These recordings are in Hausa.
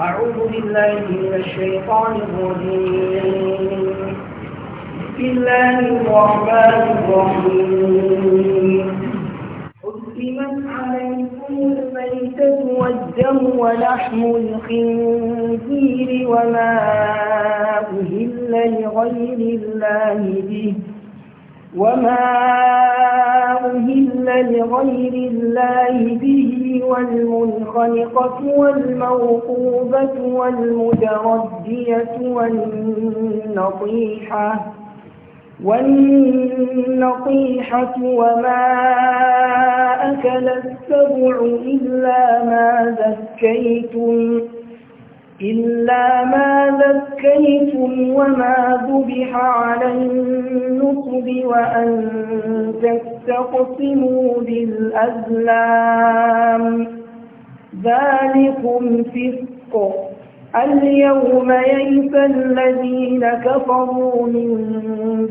أعوذ بالله من الشيطان الرجيم بسم الله الرحمن الرحيم حرمت عليكم الميتة والدم ولحم الخنزير وما أهل لغير الله به وما أهل لغير الله به والمنخلقة والموقوبة والمتردية والنطيحة والنطيحة وما أكل السبع إلا ما ذكيتم إلا ما ذكيتم وما ذبح على النصب وأن تستقسموا بالأزلام ذلكم فسق اليوم يئس الذين كفروا من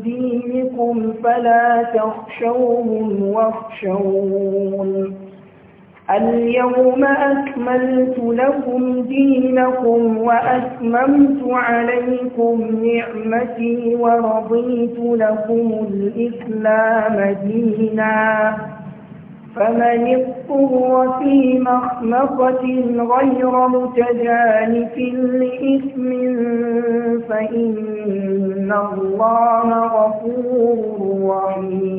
دينكم فلا تخشوهم واخشون اليوم أكملت لكم دينكم وأتممت عليكم نعمتي ورضيت لكم الإسلام دينا فمن اضطر في مخمصة غير متجانف لإثم فإن الله غفور رحيم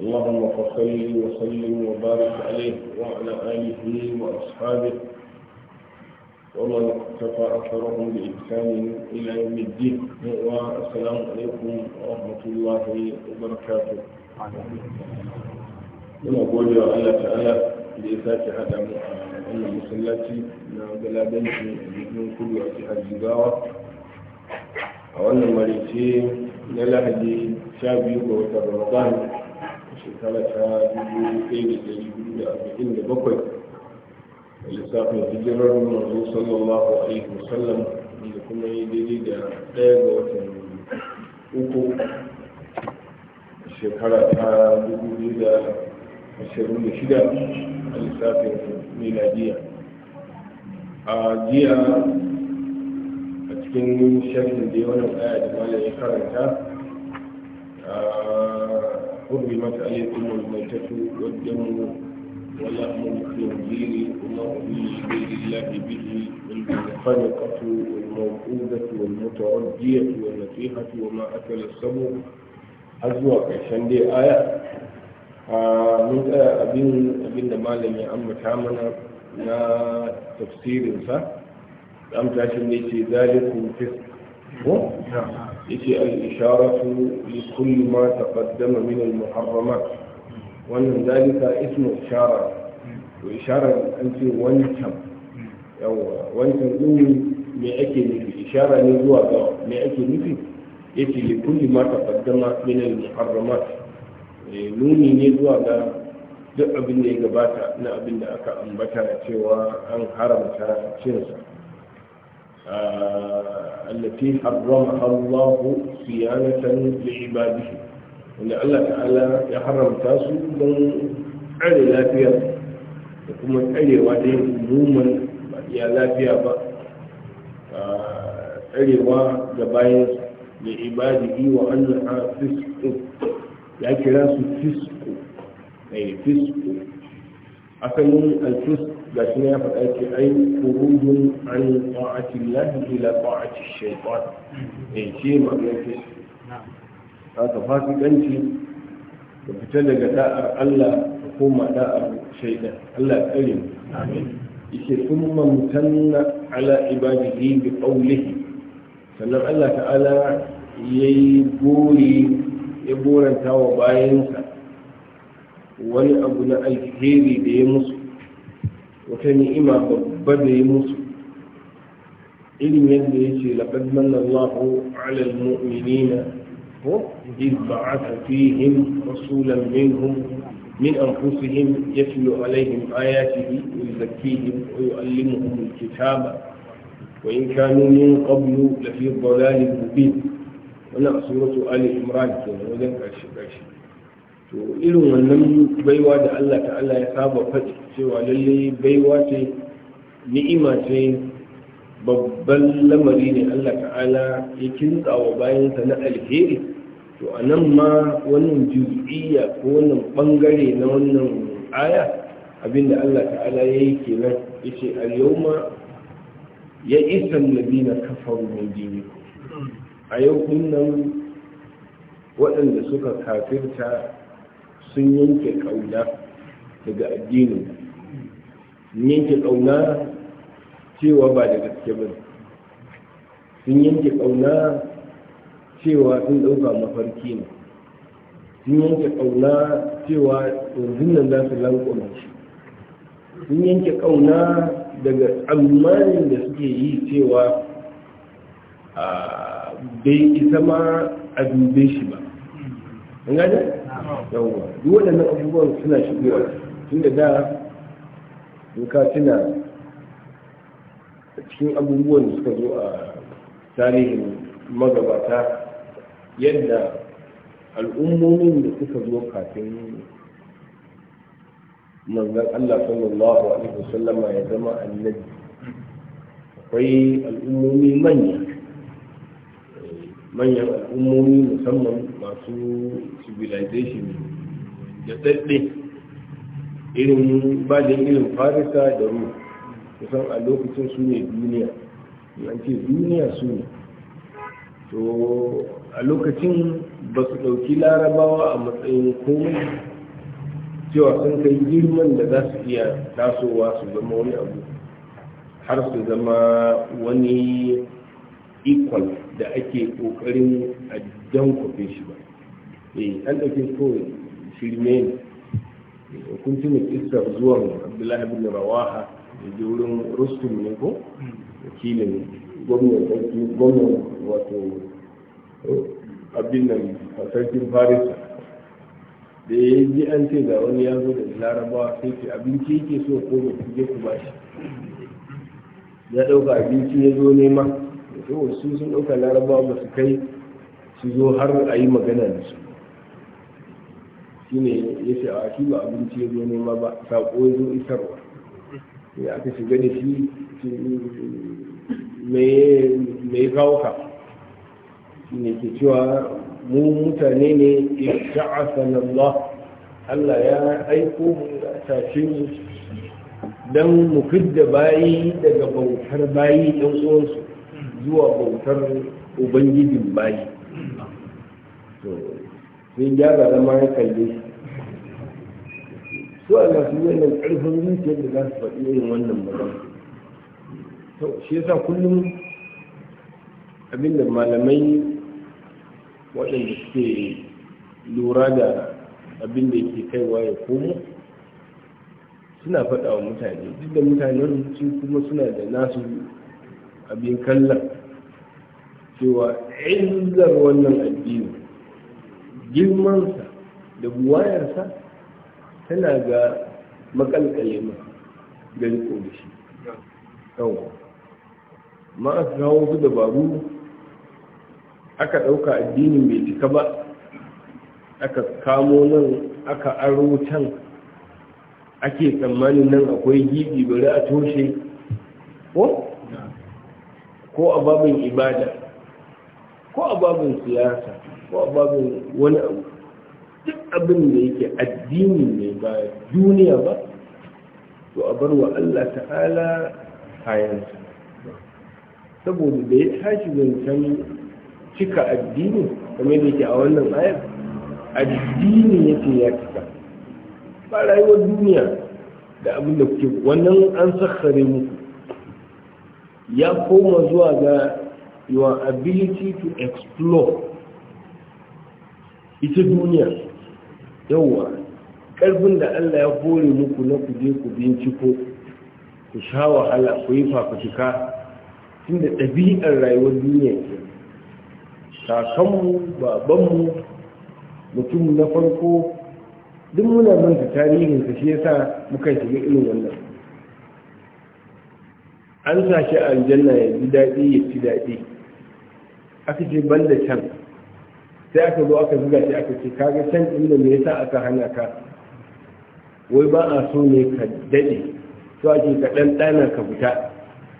اللهم فصل وسلم وبارك عليه وعلى آله وأصحابه ومن اقتفى أثرهم بإحسان إلى يوم الدين والسلام عليكم ورحمة الله وبركاته من أقول يا الله تعالى لإثاث هذا أن مسلتي لا بلا بنتي من كل وقتها الجدارة أن مريتين للهدي شاب يوم رمضان shekara ta da biyu da da bakwai a lissafin hijirar manzo sallallahu alaihi wasallam da kuma yi daidai da ɗaya ga watan uku shekara ta shida a lissafin miladiya a jiya a cikin shafin da wannan aya da malam karanta حرمت عليكم الميتة والدم ولحم الخنزير وما أهل لغير الله به والمنخنقة والموقوذة والمتردية والنصيحة وما أكل السبع أزوى كشن دي آية من أبين أبين مالي يا أم تامنا نا تفسير صح أم تاشم ليش ذلك فسق yace al-isharatu li kulli ma taqaddama min al-muharramat wannan dalika ismu ishara to ishara an ce wancan yawa wancan din me ake nufi ishara ne zuwa ga me ake nufi yace li kulli ma taqaddama min al-muharramat eh, nuni ne zuwa ga duk abin da ya gabata na abin da aka ambata cewa an haramta cinsa التي حرمها الله صيانة لعباده إن الله تعالى يحرم تاسو من علي لا فيها يقوم علي وعليه عموما يا لا فيها بقى علي وجباين لعباده وأنها فسق يا كلاس فسق أي فسق أكن الفسق ga shi ya faɗa ke ai kurudun an ta'ati lahi ila ta'ati shaytan eh ce ma ne ke haka fasikanci ka fita daga ta'ar Allah ka koma da'ar shaytan Allah tsare mu amin yake thumma mutanna ala ibadihi bi qawlihi sannan Allah ta'ala yayi gori ya goranta wa bayansa wani abu na alheri da ya musu وكاني إما بدي موسى إلي يدي لقد من الله على المؤمنين إذ بعث فيهم رسولا منهم من أنفسهم يتلو عليهم آياته ويزكيهم ويعلمهم الكتاب وإن كانوا من قبل لفي ضلال مبين ونقصرة آل عمران كما ذكر الشيخ to irin wannan baiwa da Allah ta'ala ya saba faɗi cewa lalle baiwa ce ni'ima ce babban lamari ne Allah ta'ala ya kintsawa bayansa na alheri to a nan ma wannan juz'iyya ko wannan bangare na wannan aya abinda Allah ta'ala ya yi kenan ya ce al-yawma ya isa labina kafar mai a yau nan waɗanda suka kafirta sun yanke ƙauna daga addinin sun yanke ƙauna cewa ba da gaske ba sun yanke ƙauna cewa sun ɗauka mafarki ne sun yanke ƙauna cewa yanzu nan za su lanko shi sun yanke ƙauna daga tsammanin da suke yi cewa ah, bai isa ma a dube shi ba. gane? yawwa duk waɗannan abubuwan suna shigowa tun da da doka tuna cikin abubuwan da suka zo a tarihin magabata yadda al'ummomin da suka zo kafin manzan Allah sallallahu alaihi wasallama ya zama annabi akwai al'ummomi manya manyan al'ummomi musamman masu civilization da tsaddi irin bajin irin farisa da ru kusan a lokacin su ne duniya an ce duniya su ne to a lokacin ba su ɗauki larabawa a matsayin komai cewa sun kai girman da za su iya tasowa su zama wani abu har su zama wani equal da ake kokarin a jan kofin shi ba eh an ɗauke ko shirmen ne eh, kun tuna kisar zuwan abdullahi bin rawaha da je wurin rustum ne ko wakilin gwamnan gwamnan wato abin nan sarkin farisa da ya ji an ce ga wani ya zo da laraba sai ce abinci yake so ko ku je ku shi. ya ɗauka abinci ya zo nema yau su sun ɗauka laraba ba su kai su zo har a yi magana da su shi ne ya ce a shi ba abinci ya zo nema ba saƙo ya zo isarwa ya aka shiga da shi mai kawo ka shi ne ke cewa mu mutane ne isha'asan Allah Allah ya aiko mu ya mu mu fidda bayi daga bautar bayi ɗan uwansu zuwa bautar ubangijin bayi sai gyara zama ya kalle su a nasu wannan karfin zuciyar da za su faɗi irin wannan magana to shi yasa kullum abinda malamai waɗanda suke lura da abinda yake kaiwa ya komo suna faɗa wa mutane duk da mutanen su kuma suna da nasu abin kallon cewa izzar wannan addini girmansa da buwayarsa tana ga makalkale ma ga riko da shi kawo ma aka kawo su dabaru aka ɗauka addinin bai cika ba aka kamo nan aka aro can ake tsammanin nan akwai gidi bari a toshe ko a babin ibada ko a babin siyasa ko a babin wani abu duk abin da yake addini ne ba duniya ba to a bar wa Allah ta'ala kayansa saboda da ya tashi zancen cika addini kamar da yake a wannan ayar addini yake ya cika ba rayuwar duniya da abin da kuke wannan an sakhare muku ya koma zuwa ga your ability to explore ita duniya yawwa ƙarfin da Allah ya hore muku na kuje ku binciko ku sha wahala ku yi fafutuka tun da ɗabi'ar rayuwar duniya ke kakanmu babanmu mutum na farko duk muna manta tarihinsa shi yasa muka shiga irin wannan an sa shi aljanna ya ji daɗi ya ci daɗi aka ce ban da can sai aka zo aka zuga shi aka ce kaga can ɗin da me yasa aka hana ka wai ba a so ne ka daɗe to ake ka ɗan ɗana ka fita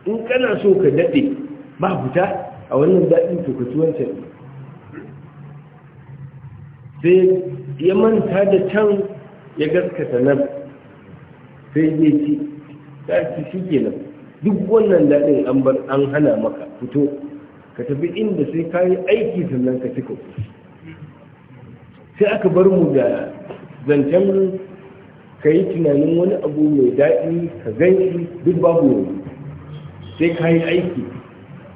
in kana so ka daɗe ba fita a wannan daɗin to ka ci wancan sai ya manta da can ya gaskata nan sai ya ci ta ci shi kenan duk wannan daɗin an bar an hana maka fito ka tafi inda sai ka yi aiki sannan ka cika sai aka bar mu da zancen ka yi tunanin wani abu mai daɗi ka ganshi duk babu yau sai ka yi aiki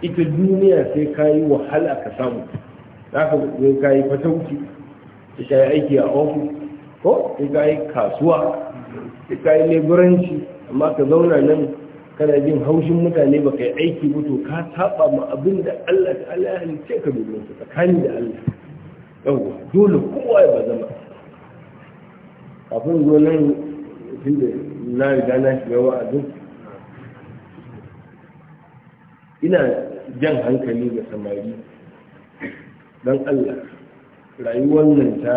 ita duniya sai ka yi wahala ka samu za ka zai ka yi fatauci sai ka yi aiki a ofis ko ka yi kasuwa sai ka yi leburanci amma ka zauna nan kana jin haushin mutane baka yi aiki mutu ka saba ma abin da Allah ta Allah ya halice ka domin su tsakani da Allah yawwa dole kowa ya bazama kafin zo nan tunda na riga na shiga wa'azin ina jan hankali ga samari don Allah rayuwar nan ta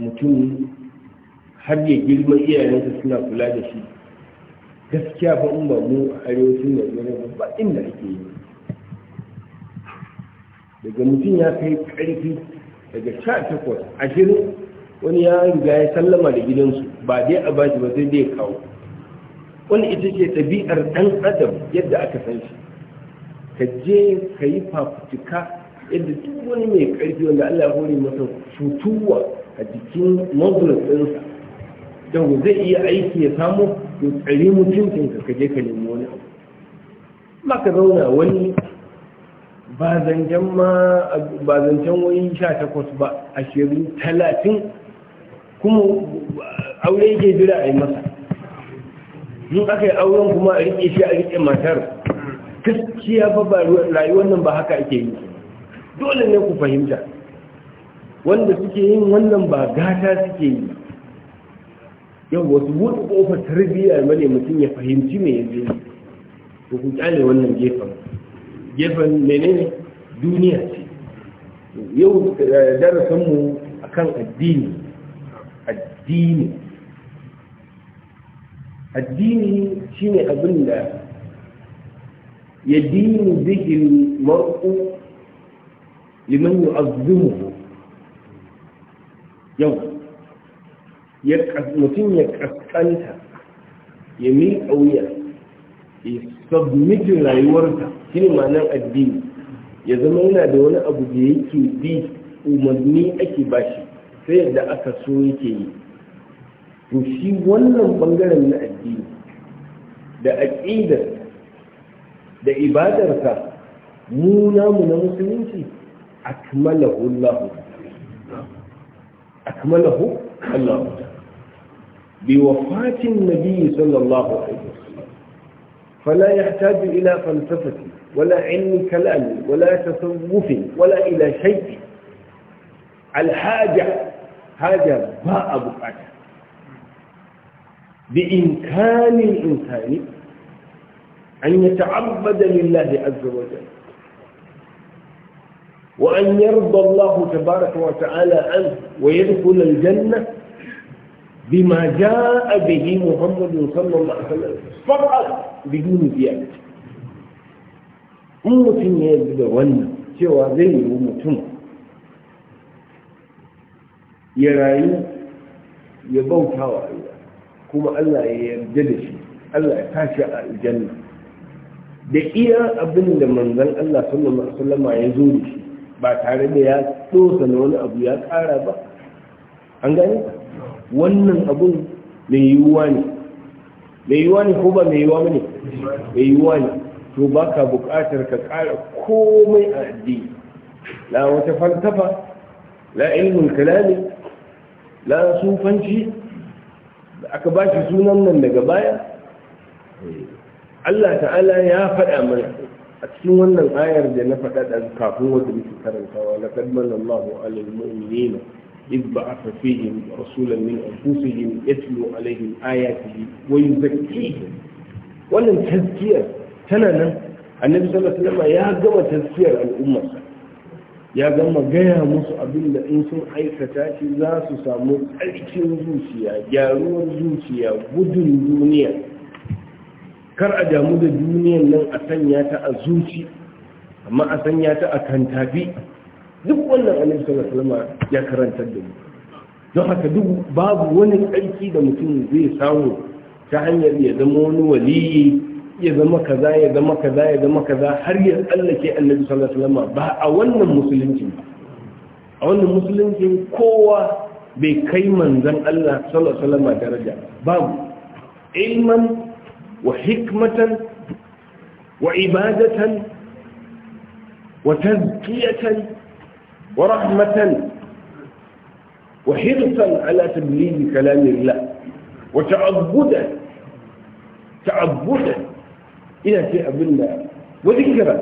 mutum har ya girma iyayensa suna kula da shi gaskiya fa in ba mu a arewacin najeriya ba inda ake yi daga mutum ya kai karfi daga sha takwas ashirin wani ya riga ya sallama da gidansu ba dai a bashi ba sai dai kawo wani ita ce ɗabi'ar ɗan adam yadda aka san shi ka je ka yi fafutuka yadda duk wani mai ƙarfi wanda allah ya hori masa futuwa a jikin mazulun ɗinsa yau zai iya aiki ya samu ya tsari mutuncin ka kaje ka nemi wani abu Ba ka zauna wani ba zancen wani sha takwas ba ashirin talatin kuma aure yake jira a yi masa in aka yi auren kuma a riƙe shi a riƙe matar gaskiya ba ba rayuwar nan ba haka ake yi dole ne ku fahimta wanda suke yin wannan ba gata suke yi yau wasu buɗe ƙofar tarbiyyar bane mutum ya fahimci me yanzu Ko ku kyale wannan gefen gefen menene duniya ce yau eh, darasinmu a kan addini addini addini shi ne abin da ya dini zikin mar'u liman yi yau mutum ya kaskanta ya miƙa wuya ya submitin rayuwarsa shi ma'anar addini ya zama yana da wani abu da yake bi umarni ake bashi sai yadda aka so yake yi to shi wannan bangaren na addini da aƙidar da ibadarsa mu namu na musulunci akmalahu Allah akmalahu Allah بوفاة النبي صلى الله عليه وسلم فلا يحتاج إلى فلسفة ولا علم كلام ولا تصوف ولا إلى شيء الحاجة حاجة باء بقعتها بإمكان الإنسان أن يتعبد لله عز وجل وأن يرضى الله تبارك وتعالى عنه ويدخل الجنة بما جاء به محمد صلى الله عليه وسلم فقط بدون زيادة in mutum ya yarda da wannan cewa zai yi mutum ya rayu ya bauta wa Allah kuma Allah ya yarda da shi Allah ya tashi a aljanna da iya abinda da manzon Allah sallallahu alaihi wasallama ya zo da shi ba tare da ya tsosa wani abu ya ƙara ba an gane wannan abun mai yiwuwa ne mai yiwuwa ne ko ba mai yiwuwa ne mai yiwuwa ne to ba ka buƙatar ka ƙara komai a addini la wata falsafa la ilmin kalami la sufanci da aka ba shi sunan nan daga baya Allah ta'ala ya faɗa mana a cikin wannan ayar da na faɗa ɗan kafin wata muke karantawa laqad manallahu 'alal mu'minina إذ بعث فيهم رسولا من أنفسهم يتلو عليهم آياته ويزكيهم wannan taskiyar tana nan annabi sallallahu alaihi wasallam ya gama taskiyar al'ummarsa ya gama gaya musu abinda in sun aikata shi za su samu tsarkin zuciya gyaruwar zuciya gudun duniya kar a damu da duniyar nan a sanya ta a zuci amma a sanya ta a kantafi duk wannan annabi sallallahu ya karantar da mu don haka duk babu wani tsarki da mutum zai samu ta hanyar ya zama wani waliyi ya zama kaza ya zama kaza ya zama kaza har ya tsallake annabi sallallahu alaihi wasallam ba a wannan musulunci a wannan musulunci kowa bai kai manzon Allah sallallahu alaihi wasallam daraja babu ilman wa hikmatan wa ibadatan wa tazkiyatan ورحمة وحرصا على تبليغ كلام الله وتعبدا تعبدا إلى في الله وذكرا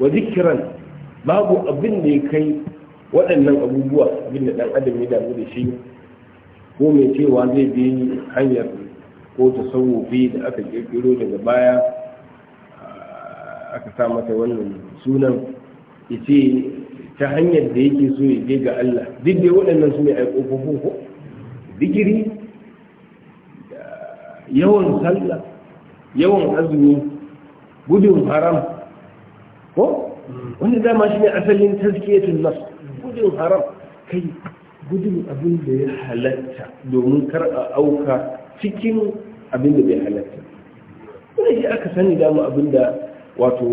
وذكرا ما هو أب كي وأن أبو بوا أبن أن أدم إذا أقول شيء هو من شيء وعندي بي حير هو تصو فيه لأكل يقولون إذا بايا آه، أكثر مثلا سونا يتي ta hanyar da yake so ya je ga Allah duk da waɗannan su ne a ƙofofin ko digiri yawan sallah yawan azumi gudun haram ko wanda dama shi ne asalin tazkiyatun nas gudun haram kai gudun abin da ya halatta domin kar a auka cikin abin da bai halatta Wani shi aka sani dama abin da wato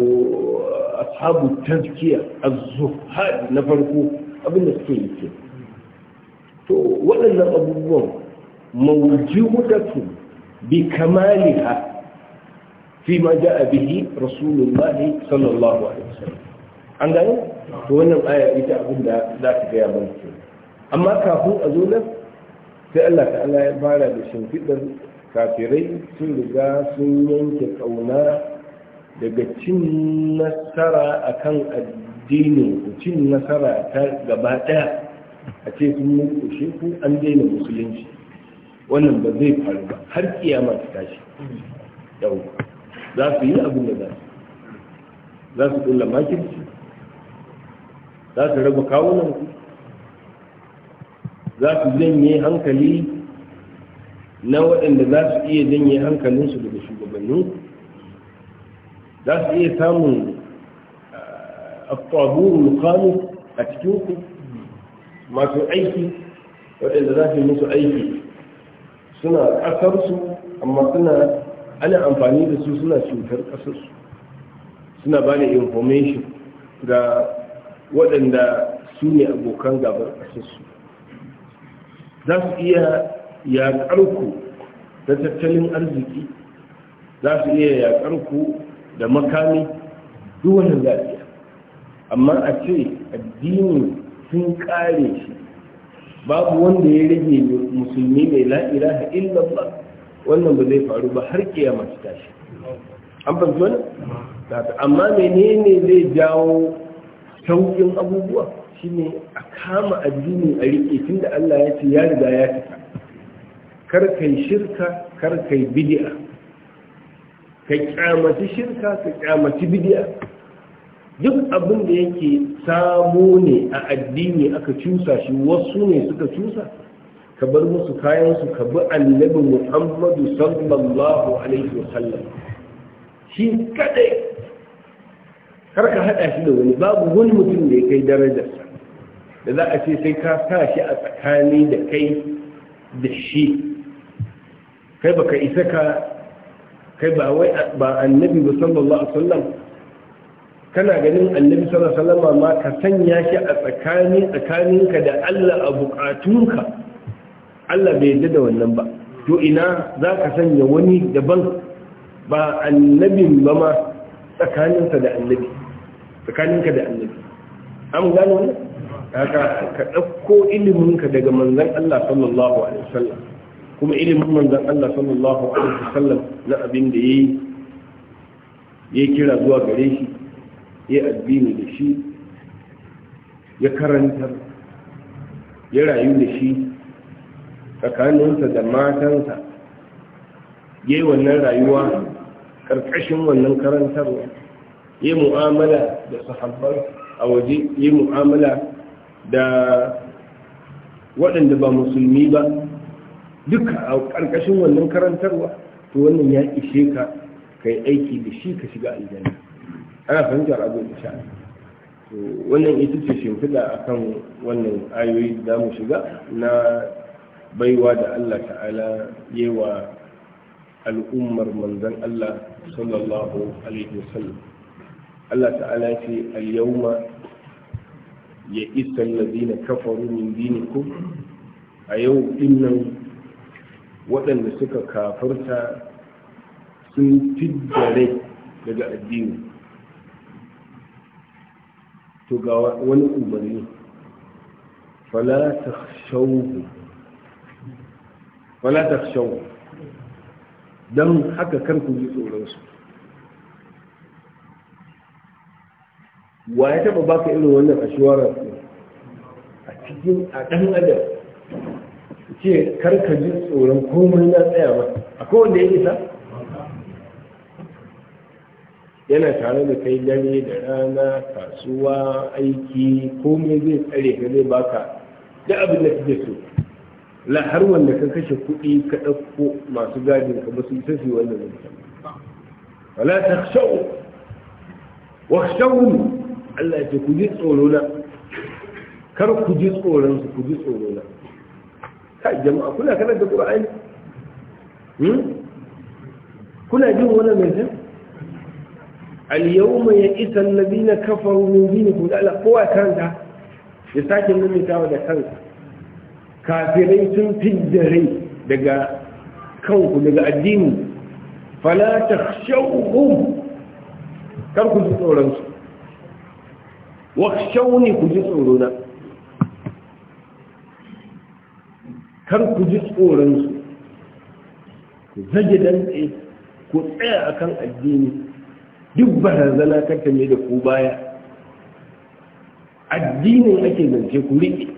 ashabu tazkiya az-zuhad na farko abin da suke yi to waɗannan abubuwan mawjudatu bi kamaliha fi ma ja'a bihi rasulullahi sallallahu alaihi wasallam an gane to wannan aya ita abin da za ta gaya mana amma kafin a zo nan sai Allah ta'ala ya fara da shimfiɗar kafirai sun riga sun yanke ƙauna daga cin nasara a kan addinin ku cin nasara ta gaba daya a ce sun muku kushe ku an daina musulunci wannan ba zai faru ba har kiyama ta tashi yau za su yi abin da za su za su kulla makirci za su raba kawunan ku za su janye hankali na waɗanda za su iya janye hankalinsu daga shugabannin za su iya samun eh, abubuwan mukamu a cikinku masu aiki waɗanda za su musu aiki suna ƙasarsu amma suna ana amfani da su suna cutar ƙasarsu suna ba da information ga waɗanda su ne abokan gabar ƙasarsu za su iya yaƙarku da tattalin arziki za su iya yaƙarku da makami duk wannan lafiya amma a ce addini sun kare shi babu wanda ya rage musulmi mai la'ilaha illallah wannan ba zai faru ba har ke yamma ta tashi an amma menene zai jawo saukin abubuwa shine a kama addini a rike tunda Allah ya ce ya riga ya fita kar kai shirka kar kai bid'a ka kyamaci shirka ka kyamaci bidiya duk abin da yake samu ne a addini aka cusa shi wasu ne suka cusa ka bar musu kayansu ka bi annabi muhammadu sallallahu alaihi sallam. shi kadai kar ka hada shi da wani babu wani mutum da ya kai darajarsa da za a ce sai ka sa shi a tsakani da kai da shi kai baka isa ka kai ba wai ba annabi ba sallallahu alaihi wasallam kana ganin annabi sallallahu alaihi wasallam ma ka sanya shi a tsakani tsakaninka da Allah a bukatunka Allah bai yadda da wannan ba to ina za ka sanya wani daban ba annabin ba ma tsakaninka da annabi tsakaninka da annabi an gano wannan haka ka ɗauko iliminka daga manzon Allah sallallahu alaihi wasallam kuma ilimin manzon Allah sallallahu alaihi wasallam na abin da yayi ya kira zuwa gare shi ya addini da shi ya karanta ya rayu da shi tsakaninsa da matansa ya yi wannan rayuwa ƙarƙashin wannan karantarwa ya mu'amala da sahabbar a waje ya mu'amala da waɗanda ba musulmi ba duk a ƙarƙashin wannan karantarwa to wannan ya ishe ka kai aiki da shi ka shiga aljanna ana fahimtar abin insha to wannan ita ce shimfiɗa kan wannan ayoyi da mu shiga na baiwa da Allah ta'ala yewa al'ummar manzon Allah sallallahu alaihi wasallam Allah ta'ala ce al-yawma ya isa allazina kafaru min dinikum a yau dinnan waɗanda suka kafirta sun fiddare daga addini to ga wani umarni fala ta shauhu don haka karku ji tsoronsu wa ya taba baka irin wannan ashuwarar a cikin a ɗan adam ce karka ji tsoron komai na tsaya ba a kowane ya isa yana tare da kai dare da rana kasuwa aiki komai zai tsare ka zai baka da abin da kake so la har wanda ka kashe kuɗi ka ɗauko masu gadin ka ba su isa su wanda zai ta wala wa shau Allah ya ce ku ji tsoro na kar ku ji tsoron su ku ji tsoro na kai jama'a kuna karanta qur'ani hmm? kuna jin wannan mai al-yawma ya'isa alladhina kafaru min dinikum la kowa karanta ya sake mimitawa da kansa kafirai sun fidda daga kanku daga addini fala takhshawhum kar ku ji tsoron su wakhshawni ku ji tsoro na kar ku ji tsoronsu ku zage dantse ku tsaya akan addini duk barazana kanta da ku baya addinin ake zance ku riƙe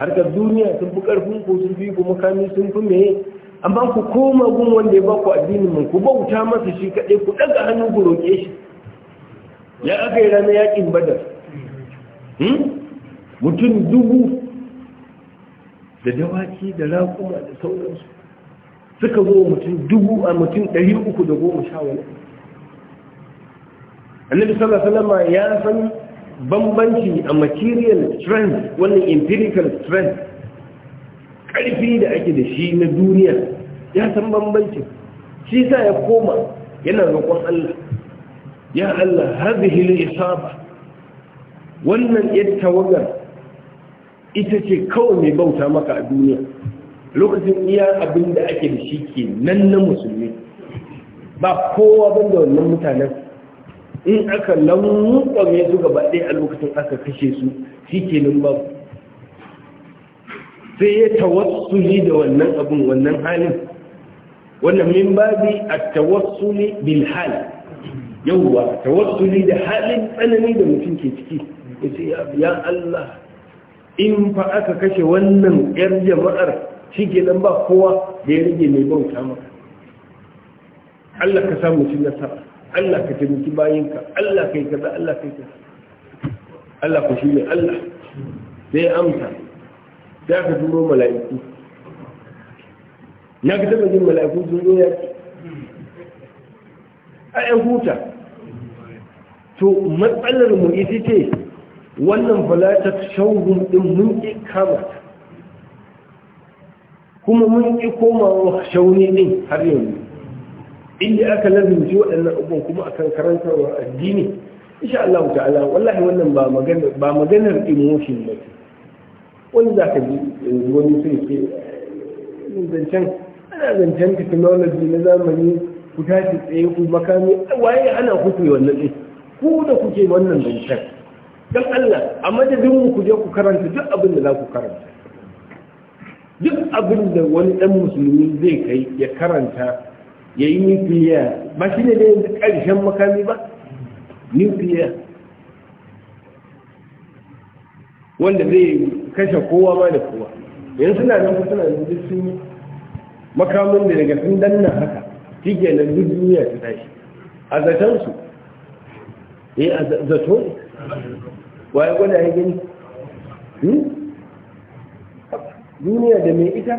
harkar duniya sun fi ƙarfin ku sun fi ku makami sun fi meye amma ku koma gun wanda ya ba ku addinin mun ku bauta masa shi kaɗai ku ɗaga hannu ku roƙe shi ya aka yi ranar yaƙin badar hmm? mutum dubu da dawaki da raƙuma da sauransu suka zo mutum dubu a mutum ɗari uku da goma sha wani annabi sallallahu ya san bambanci a material strength wannan empirical strength ƙarfi da ake da shi na duniya ya san bambancin shi sa ya koma yana roƙon Allah ya Allah hadhihi al-isaba wannan yadda tawagar ita ce kawai mai bauta maka a duniya lokacin iya abin da ake da shi ke nan na musulmi ba kowa ban da wannan mutanen in aka lamukwame su gaba ɗaya a lokacin aka kashe su shi ke nan ba sai ya tawassuli da wannan abin wannan halin wannan min babi a tawassuli bil hal yawwa tawassuli da halin tsanani da mutum ke ciki ya Allah in fa aka kashe wannan yar jama'ar shi nan ba kowa da ya rage mai bauta maka Allah ka samu shi nasara Allah ka taimaki bayanka. Allah kai kaza Allah kai kaza Allah ku shi ne Allah sai amsa sai ka turo mala'iku na ga taɓa jin mala'iku sun zo yaki a huta to matsalar mu ita ce wannan falatar shawun ɗin mun ƙi kama kuma mun ƙi komawa shauni ɗin har yanzu inda aka lazumci waɗannan abubuwan kuma kan karantarwa addini insha Allah ta'ala wallahi wannan ba maganar ba maganar emotion ba wani za ka ji wani sai ke zancen ana zancen technology na zamani ku tashi tsaye ku makami waye ana kuke wannan ɗin ku da kuke wannan zancen don Allah a madadin mu ku je ku karanta duk abin da za ku karanta duk abin da wani ɗan musulmi zai kai ya karanta ya yi nukiliya ba shi ne da yanzu ƙarshen makami ba nukiliya wanda zai kashe kowa ma da kowa yanzu suna nan suna nan duk sun makamin da daga sun danna haka shi ke nan duk duniya ta tashi a zaton su eh a zaton waye gwada ya gani hmm? duniya da mai ita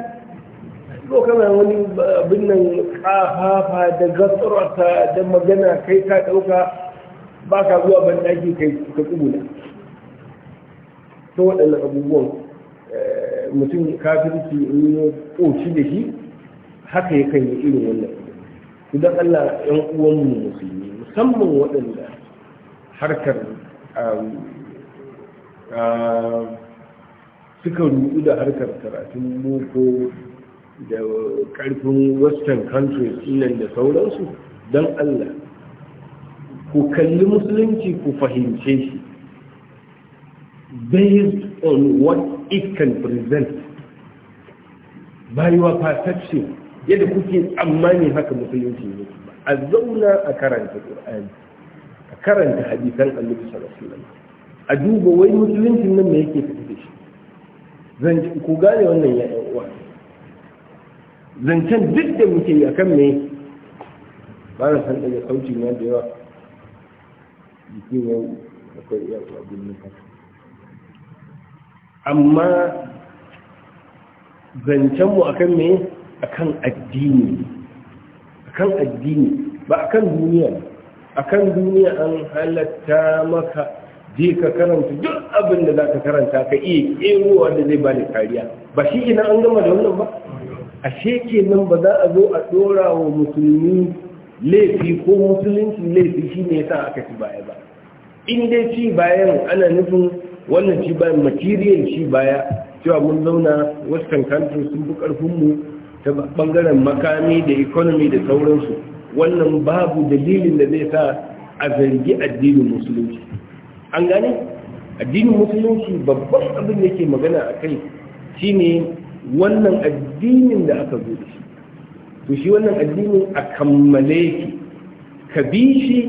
ko kama wani abin nan kafafa da gasarata da magana kai ta dauka ba ka zuwa ban daki kai ka tsubula ta waɗannan abubuwan eh, mutum kafirci in yi ƙoci da shi haka ya kan yi irin wannan idan allah yan uwanmu musulmi musamman waɗanda harkar um, suka rudu da harkar karatun boko da karfin western countries nan da sauransu don allah ku kalli musulunci ku fahimce shi based on what it can present bayuwa perception yadda kuke tsammani haka musulunci ne a zauna a karanta ƙur'ani a karanta hadisan annabi sallallahu alaihi wasallam a duba wai musuluncin nan me yake tafi shi zan ku gane wannan ya uwa zancen duk da muke yi akan me ba na san daga kauci na da yawa jikin yau akwai iya abin nufa amma zancenmu akan me akan addini akan addini ba akan duniya akan duniya an halatta maka je ka karanta duk abin da za ka karanta ka iya ƙero wanda zai bani kariya ba shi ina an gama da wannan ba ashe kenan ba za a zo a ɗora wa musulmi laifi ko musulunci laifi shi ne yasa aka ci baya ba in dai ci bayan ana nufin wannan ci bayan material ci baya cewa mun zauna western countries sun fi mu ta bangaren makami da economy da sauransu wannan babu dalilin da zai sa a zargi addinin musulunci an gane addinin musulunci babban abin da yake magana a kai shine wannan addinin da aka zo da shi to shi wannan addinin a kammale yake ka bi shi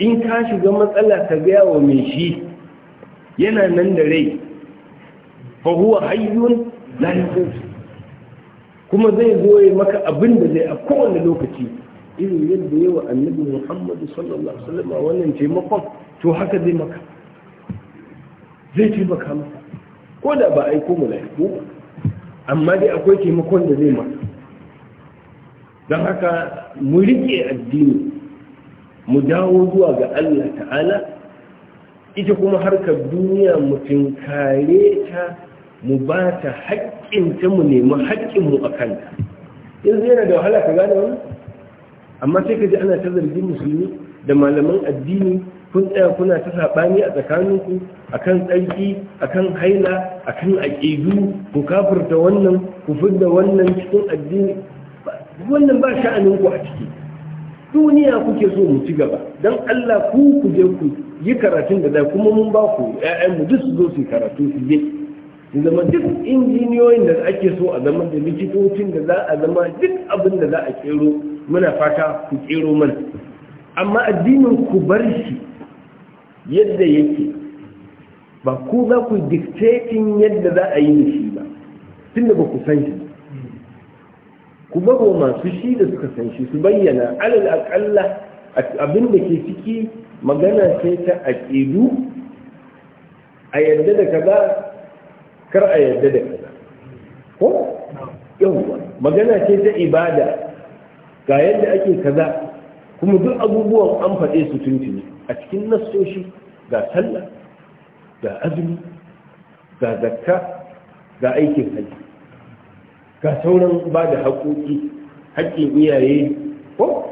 in ka shiga matsala ka gaya wa mai shi yana nan da rai fa huwa hayyun la kuma zai zo maka abin da zai a kowane lokaci irin yadda yawa annabi Muhammad sallallahu alaihi wasallam wannan taimakon to haka zai maka zai taimaka maka ko da ba aiko laifu amma dai akwai taimakon da zai maka don haka mu riƙe addini mu dawo zuwa ga Allah ta'ala ita kuma harkar duniya mu tinkare ta mu ba ta haƙƙinta mu nemi mu a kanta yanzu yana da wahala ka gane wani amma sai ka ji ana ta zargin musulmi da malaman addini kun tsaya kuna ta saɓani a tsakaninku kan tsarki kan haila akan aƙidu ku kafurta wannan ku fidda wannan cikin addini wannan ba sha'aninku a ciki duniya kuke so mu ci gaba don Allah ku ku je ku yi karatun da zai kuma mun ba ku mu duk su zo su karatu su je zama duk injiniyoyin da ake so a zama da likitocin da za a zama duk abin da za a kero muna fata ku kero mana amma addinin ku bar shi yadda yake ba ku za ku dictating yadda za a yi da shi ba tun da ba ku san shi ku bago masu shi da suka san shi su bayyana alal akalla abin da ke ciki magana sai ta aƙidu a yadda da kaza kar a yadda da kaza ko yawwa magana ce ta ibada ga yadda ake kaza kuma duk abubuwan an faɗe su tuntuni a cikin nassoshi ga sallah ga azumi ga zakka ga aikin haji ga sauran ba da haƙoƙi haƙƙin iyaye ko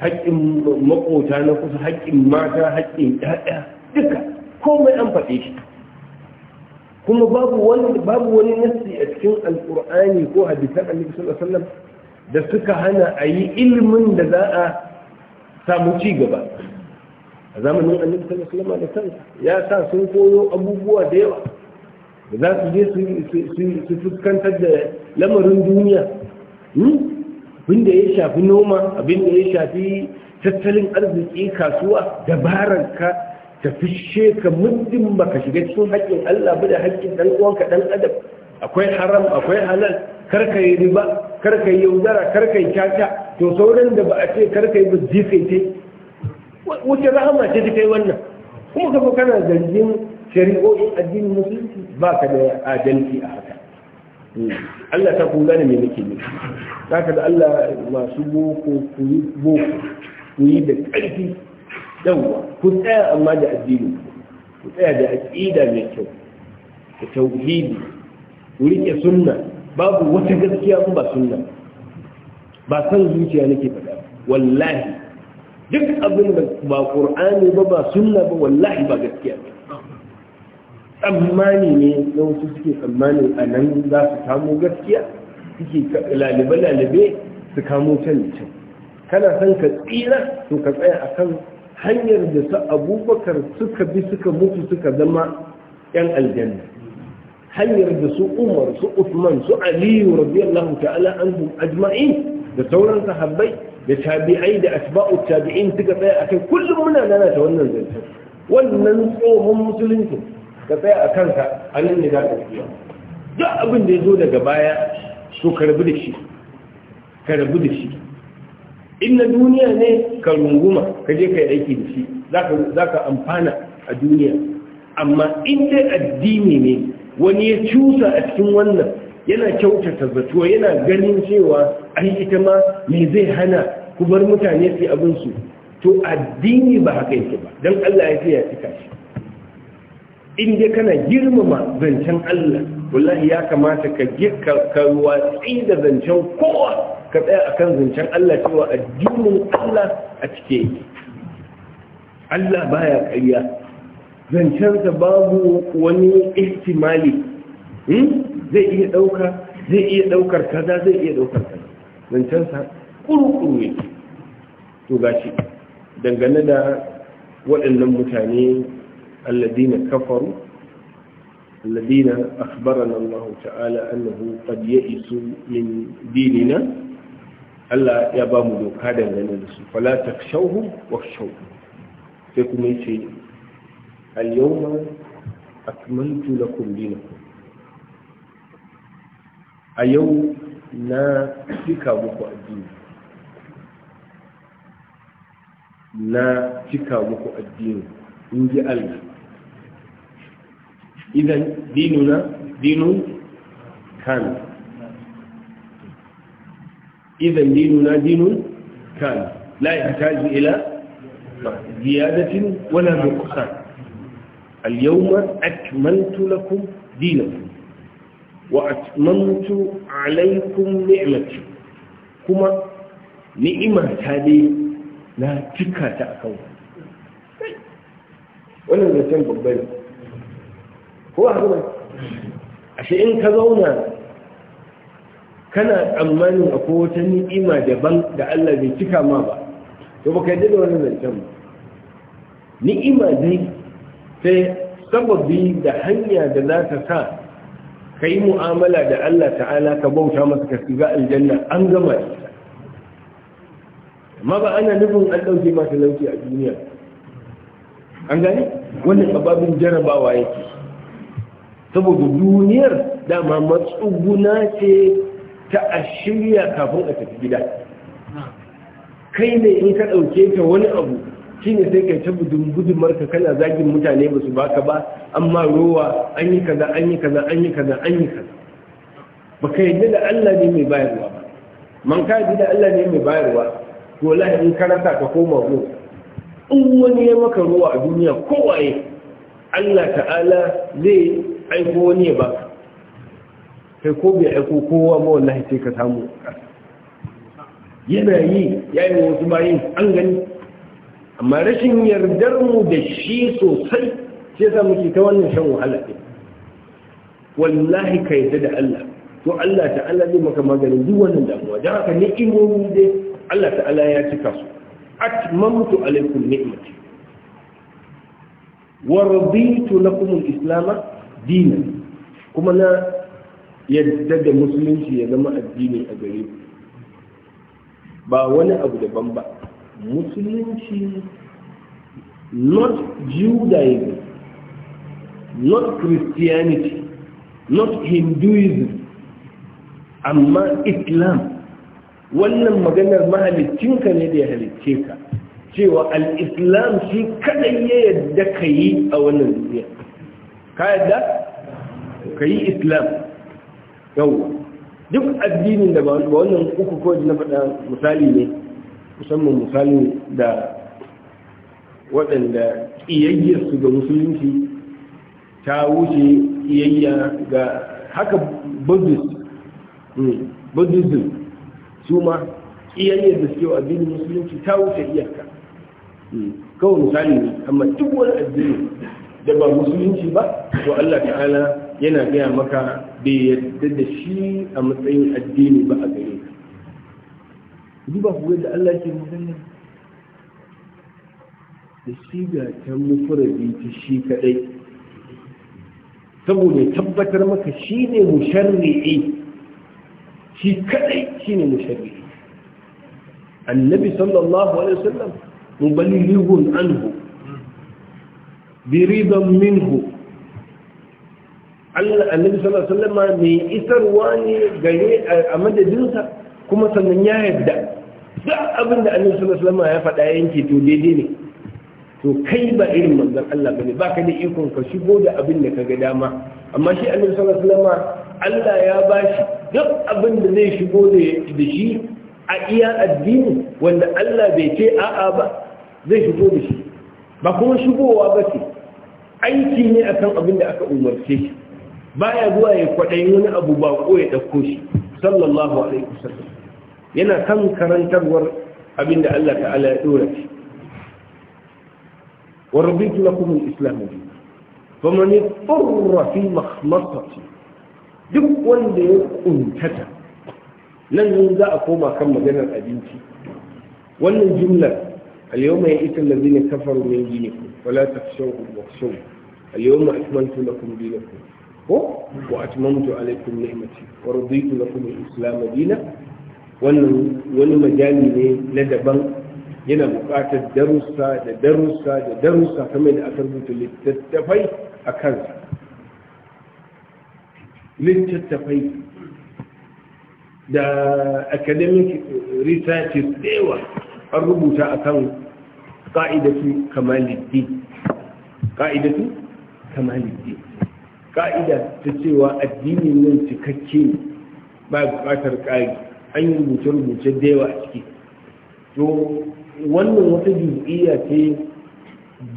haƙƙin maƙota na kusa haƙƙin mata haƙƙin ɗaya duka komai an faɗe shi kuma babu wani babu wani nassi a cikin alƙur'ani ko hadisan annabi sallallahu alaihi wasallam da suka hana a yi ilimin da za a samu ci gaba a zamanin annabi sallallahu alaihi wasallam da ya sa sun koyo abubuwa da yawa da za su je su fuskantar da lamarin duniya hmm? abin da ya shafi noma abin da ya shafi tattalin arziki kasuwa dabarar ka ta fishe ka muddin baka shiga cikin haƙƙin Allah ba da haƙƙin dan uwanka dan adam akwai haram akwai halal kar ka yi riba kar ka yi yaudara kar ka yi caca to sauran da ba a ce kar ka yi bujji kai ce wuce rahama ce ta kai wannan kuma kafa kana zargin shari'o'in addinin musulunci ba ka da adalci a haka Allah ta kula gane me nake ne saka da Allah masu boko ku yi boko ku yi da ƙarfi yawwa ku tsaya amma da addini ku tsaya da aqida mai kyau da tauhidi ku rike sunna babu wata gaskiya ba sunna ba san zuciya nake faɗa wallahi duk abin da ba qur'ani ba ba sunna ba wallahi ba gaskiya tsammani ne na wasu suke tsammanin a nan za su kamo gaskiya suke lalibe-lalibe su kamo can can kana son ka tsira to ka tsaya a kan hanyar da su abubakar suka bi suka mutu suka zama 'yan aljanna hanyar da su umar su usman su aliyu radiyallahu ta'ala anhum ajma'in da sauran sahabbai da tabi'ai da asba'u tabi'in suka tsaya akai kullum muna nana ta wannan zancen wannan tsohon musulunci ka tsaya a kanka a nan ne za ka tafiya duk abin da ya zo daga baya su ka rabu da shi ka da shi in na duniya ne ka runguma ka je ka yi aiki da shi za ka amfana a duniya amma in dai addini ne wani ya cusa a cikin wannan yana kyautata zato yana ganin cewa ai ita ma me zai hana ku bar mutane su abinsu? to addini ba haka yake ba dan Allah ya ya cika shi in dai kana girmama zancen Allah wallahi ya kamata ka ka watsi da zancen kowa ka tsaya akan zancen Allah cewa addinin Allah a cike Allah baya ƙarya zancensa babu wani ihtimali hmm? zai iya ɗauka zai iya ɗaukar kaza zai iya ɗaukar kaza zancensa ƙuruƙuru yake to gashi dangane da waɗannan mutane alladina kafaru الذين أخبرنا الله تعالى أنه قد يئسوا من ديننا Allah ya ba mu doka dangane da su fala takshawhum wakhshawhum sai kuma yace al-yawma akmaltu lakum dinakum a yau na cika muku addini na cika muku addini in ji Allah idan dinuna dinun kan idan dinuna dinun kan la yahtaji ila ziyadatin wala nuqsan al-yawma akmaltu lakum dinakum wa atmamtu alaykum ni'mati kuma ni'ima ta dai na cika ta akan wannan zancen babban ko a kuma ashe in ka zauna kana tsammanin a kowace ni'ima daban da Allah bai cika ma ba to baka yadda da wani zancen ni'ima dai sai sababi da hanya da za ta sa ka yi mu'amala da Allah ta'ala ka bauta masa ka shiga aljanna an gama amma ba ana nufin an ɗauke masa lauki a duniya an gani wannan sababin jarabawa yake saboda duniyar dama matsuguna ce ta a shirya kafin a tafi gida kai ne in ka ɗauke ta wani abu shine sai kai ta gudun marka kana zagin mutane ba su baka ba amma rowa an yi kaza an yi kaza an yi kaza an yi kaza ba ka yi da Allah ne mai bayarwa ba man ka yi da Allah ne mai bayarwa ko wallahi in ka ka koma go in wani ya maka rowa a duniya kowaye Allah ta'ala zai aiko wani ya ba? kai ko bai aiko kowa ba wallahi sai ka samu yana yi ya yi wasu bayin an gani amma rashin yardar mu da shi sosai sai za mu ta wannan shan wahala ɗin wallahi ka yadda da Allah to Allah ta'ala zai maka maganin duk wannan damuwa don haka ni'imomi dai Allah ta'ala ya cika su atmamtu alaikum ni'mati wa raditu lakum al-islam dinan kuma na yadda da musulunci ya zama addini a gare ku ba wani abu daban ba musulunci not judaism not christianity not hinduism amma islam wannan maganar mahalicinka ne da ya halicce ka cewa al'islam shi kadai ya yadda ka yi a wannan duniya ka yadda ka yi islam Yau, duk addinin da ba wannan uku kawai na faɗa misali ne musamman misalin da waɗanda su ga musulunci ta wuce ƙiyayya ga haka hmm, buddhism su ma ƙiyayyar da suke wa addinin musulunci ta wuce iyaka hmm, kawai misali ne amma duk wani addini da ba musulunci ba to Allah ta'ala yana gaya maka bai yarda da shi a matsayin addini ba a gare ni ba ku yadda Allah ke magana da shi ga ta mufurabi ta shi kadai saboda tabbatar maka shi ne musharri'i shi kadai shi ne musharri'i annabi sallallahu alaihi wasallam mubalighun anhu biridan minhu Allah annabi sallallahu alaihi wasallam mai isarwa ne gare a madadinsa kuma sannan ya yadda duk abin da annabi sallallahu alaihi ya faɗa yanke to daidai ne to kai ba irin manzon Allah bane baka da ikon ka shigo da abin da kaga dama amma shi annabi sallallahu alaihi Allah ya bashi duk abin da zai shigo da shi a iya addini wanda Allah bai ce a'a ba zai shigo da shi ba kuma shigowa ba ce aiki ne akan abin da aka umarce shi baya zuwa ya kwaɗayi wani abu ba ko ya ɗauko shi sallallahu alaihi wasallam yana kan karantarwar abinda Allah ta'ala ya dora shi wa rabbitu lakum al-islam faman yadhurra fi makhmasati duk wanda ya kuntata nan yanzu za a koma kan maganar abinci wannan jumlar اليوم يئس الذين كفروا من دينكم ولا تخشوهم واخشوهم اليوم أكملت لكم دينكم وأتممت عليكم نعمتي ورضيت لكم الإسلام دينا wannan wani majami ne na daban yana buƙatar darussa da darussa da darussa kamar da aka rubuta littattafai a kansa littattafai da academic researches yawa an rubuta a kan ƙa'idatu kamaliddi ƙa'idatu kamaliddi ƙa'ida ta cewa addinin nan cikakke ba buƙatar ƙari an yi rubuce-rubuce da yawa a ciki to wannan wata juz'iyya ce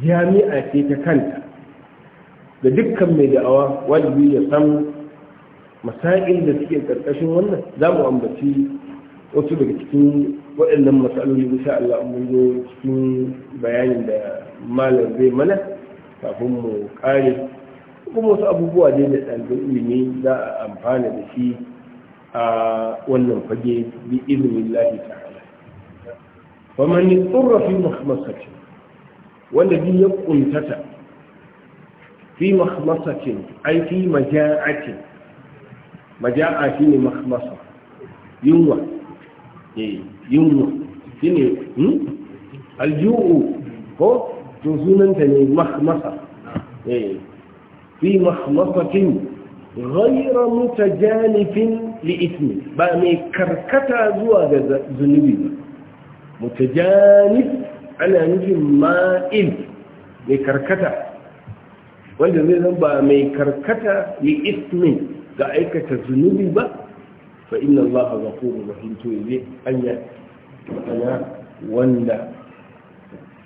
jami'a ce ta kanta da dukkan mai da'awa wajibi ya san masail da suke karkashin wannan za mu ambaci wasu daga cikin waɗannan matsaloli insha Allah mun zo cikin bayanin da malam zai mana kafin mu kare kuma wasu abubuwa dai da ɗalibin ilimi za a amfana da shi a wannan fage bi izinin lahi ta'ala fa man yurra fi mahmasatin wanda bi ya kuntata fi mahmasatin ai fi maja'atin maja'a shine mahmasa yunwa eh yunwa shine hmm? alju'u ko to sunanta ne mahmasa eh fi mahmasatin ghayra mutajanifin li ismi ba mai karkata zuwa ga zunubi ba mutajanif ana nufin ma'il mai karkata wanda zai zan ba mai karkata li ismi ga aikata zunubi ba fa inna allaha ghafurur rahim to yaje anya ana wanda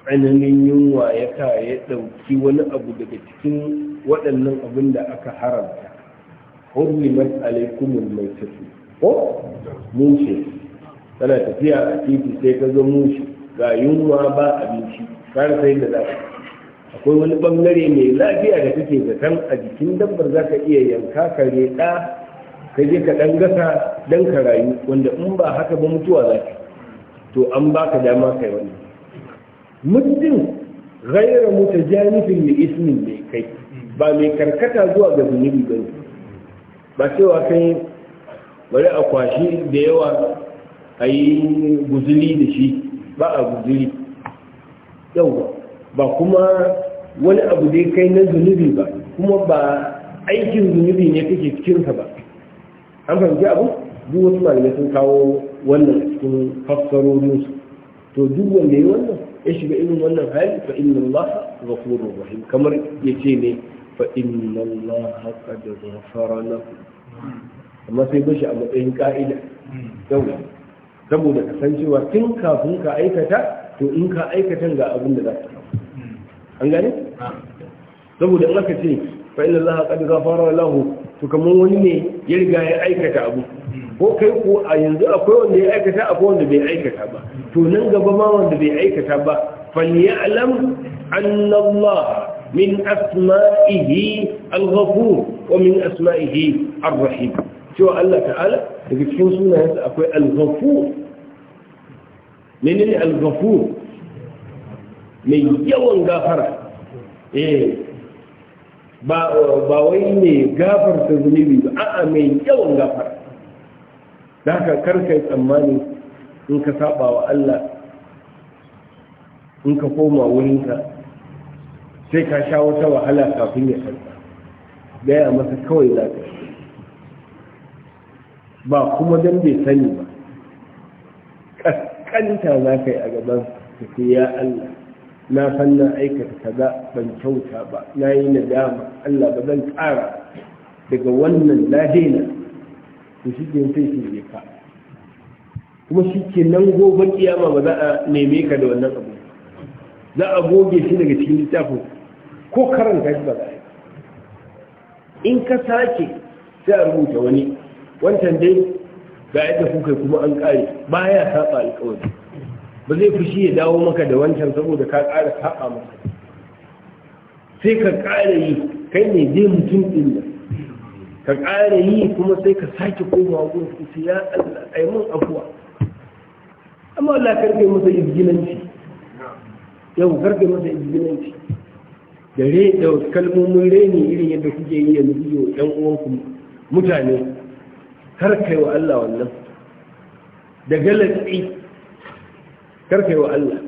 tsananin yunwa ya ta ya ɗauki wani abu daga cikin waɗannan abin da aka haramta hurrimat alaikumul maitatu ko mushe tana tafiya a titi sai ka zo mushe ga yunwa ba abinci kar sai da zaka akwai wani bangare mai lafiya da kake kan a jikin dabbar zaka iya yanka ka reda ka je ka dan gasa dan ka rayu wanda in ba haka ba mutuwa zaka to an baka dama kai wannan muddin ghayra mutajanifin li ismin ne kai ba mai karkata zuwa ga zunubi ne ba cewa kai bari a kwashi da yawa a yi guzuli da shi ba a guzuli yau ba kuma wani abu dai kai na zunubi ba kuma ba aikin zunubi ne kake cikinsa ba an fahimci abu duk wasu malamai sun kawo wannan cikin fassarorinsu to duk wanda ya yi wannan ya shiga irin wannan hali fa inna allaha ghafurur rahim kamar yace ne فإن الله قد غفر له amma sai bashi a matsayin ka'ida yawa saboda cewa tun kafin ka aikata to in ka aikata ga abin da za ka an gane saboda in aka ce fa inna allaha qad ghafara lahu to kamar wani ne ya riga ya aikata abu ko kai ko a yanzu akwai wanda ya aikata akwai wanda bai aikata ba to nan gaba ma wanda bai aikata ba falyalam anna allaha min asma'ihi al-ghafur wa min asma'ihi ar-rahim cewa Allah ta'ala daga cikin sunayensa akwai al-ghafur menene al mai yawan gafara eh ba wai mai gafarta zunubi ba a'a mai yawan gafara da haka kar karkai tsammani in ka saba wa Allah in ka koma wurinka sai ka sha wata wahala kafin ya Da gaya masa kawai za ka ba kuma don bai sani ba ƙasƙanta za ka yi a gaban su. ka ya Allah na san na aikata kaza ban kyauta ba na yi nadama Allah ba zan ƙara daga wannan na daina to shi ke sai shi ne ka kuma shi ke nan gobe kiyama ba za a neme ka da wannan abu za a goge shi daga cikin littafin ko karanta shi ba in ka sake sai a rubuta wani wancan dai ga yadda kuka kuma an kare baya saba alƙawari ba zai fushi ya dawo maka da wancan saboda ka ƙara saba maka sai ka ƙara yi kai ne dai mutum ɗin nan ka ƙara yi kuma sai ka sake koma gun su ya Allah ai mun afuwa amma Allah karfe masa izginanci yau karfe masa izginanci da da kalmomin reni irin yadda kuke yi yanzu iyo ɗan uwanku mutane kar kai wa Allah wannan da galatsi kar kai wa Allah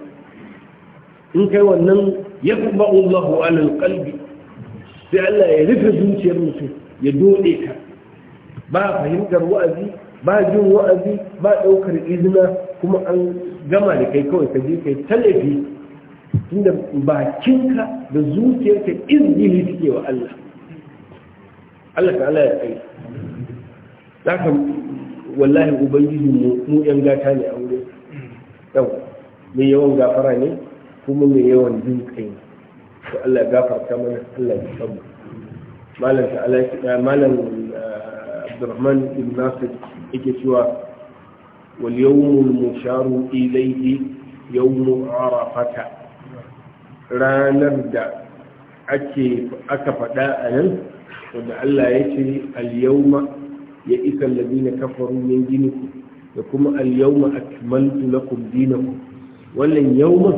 in kai wannan ya ba'u Allahu ala alqalbi sai Allah ya rufe zuciyar mutum ya dode ta ba fahimtar wa'azi ba jin wa'azi ba daukar izina kuma an gama da kai kawai ka je kai talafi tunda bakinka da zuciyarka izgili suke wa Allah Allah ta Allah ya kai zaka wallahi ubangiji mu mu yan gata ne a wurin yau mai yawan gafara ne kuma mai yawan jin kai to Allah ya gafarta mana Allah ya samu malam ta Allah malam eh, Abdurrahman ibn Nasir yake cewa wal yawmul musharu ilayhi yawmu arafata ranar da ake aka faɗa a nan wanda Allah ya ce al-yawma ya isa ladina kafaru min dinikum da kuma al-yawma akmaltu lakum dinakum wannan yawma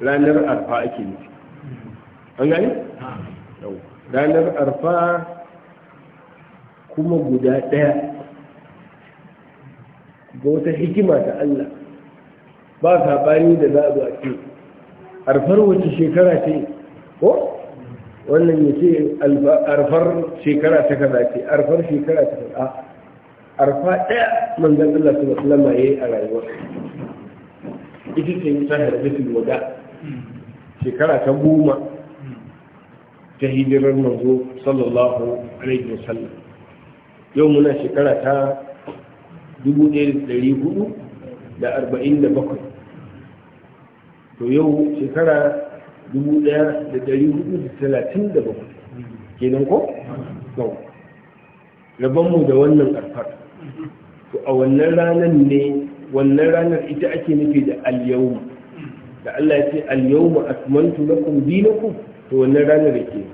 ranar arfa ake nufi an gane ranar arfa kuma guda ɗaya ga wata hikima ta Allah ba saɓani da za a zo a ce arfar wace shekara ce ko wannan ya ce arfar shekara ta kaza ce arfar shekara ta kaza arfa ɗaya manzan Allah su musulama ya yi a rayuwa ita ce yi ta harbitin wada shekara ta goma ta hijirar manzo sallallahu alaihi wasallam yau muna shekara ta dubu ɗaya da da da hudu arba'in bakwai. to yau shekara 1437 kenan ko? yau rabonmu da wannan ƙarfar to a wannan ranar ne wannan ranar ita ake nufi da alyawun da Allah ya ce alyawun asmantu lakum dinakum to wannan ranar yake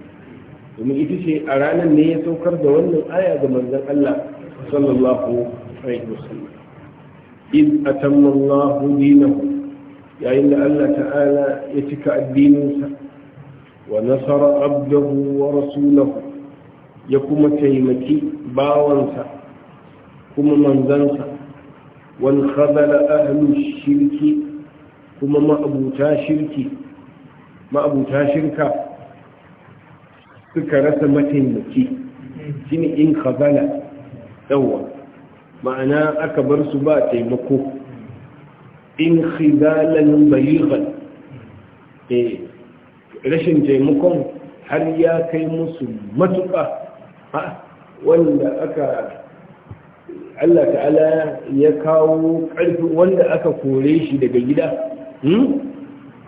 domin ita ce a ranar ne ya saukar da wannan aya ga manzon Allah sallallahu alaihi wasallam in atamma Allahu dinahu yayin da Allah ta'ala ya cika addininsa wa nasara abdahu wa rasulahu ya kuma taimaki bawansa kuma manzansa wani khadala ahlu shirki kuma ma'abuta shirki ma'abuta shirka suka rasa mataimaki shine in khadala yawa ma'ana aka bar su ba taimako in khizalan bayighan eh rashin taimakon har ya kai musu matuƙa wanda aka Allah ta'ala ya kawo ƙarfi wanda aka kore shi daga gida hmm?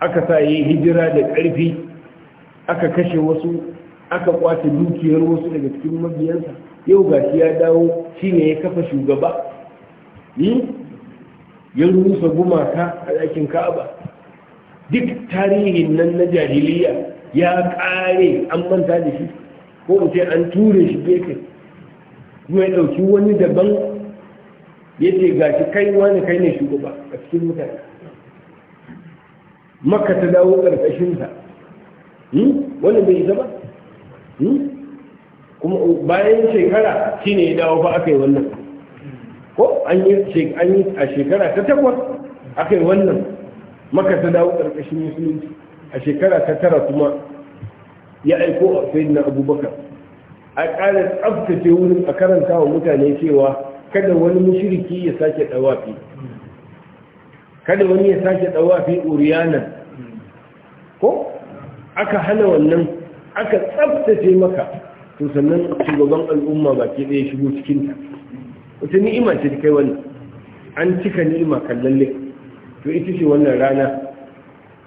aka sa yi hijira da ƙarfi aka kashe wasu aka kwace dukiyar wasu daga cikin mabiyansa yau ga ya dawo shi ne ya kafa shugaba hmm? ya rusa gumata a ɗakin ka'aba duk tarihin nan na jahiliya ya ƙare an manta da shi ko in ce an ture shi gefe kuma ya ɗauki wani daban ya ce ga shi kai wani kai ne shugaba a cikin mutane maka ta dawo ƙarƙashinsa hmm? wani bai isa ba hmm? kuma bayan shekara shine ya dawo fa aka yi wannan ko an yi a shekara ta takwas aka yi wannan maka ta dawo ƙarƙashin musulunci a shekara ta tara kuma ya aiko a sayyidina abubakar a ƙara tsaftace wurin a karanta wa mutane cewa kada wani mushriki ya sake dawafi kada wani ya sake dawafi uriyanan ko aka hana wannan aka tsaftace maka to sannan shugaban al'umma baki ɗaya shigo cikinta wata ni'ima ce ta kai wani an cika ni'ima kan lalle to ita ce wannan rana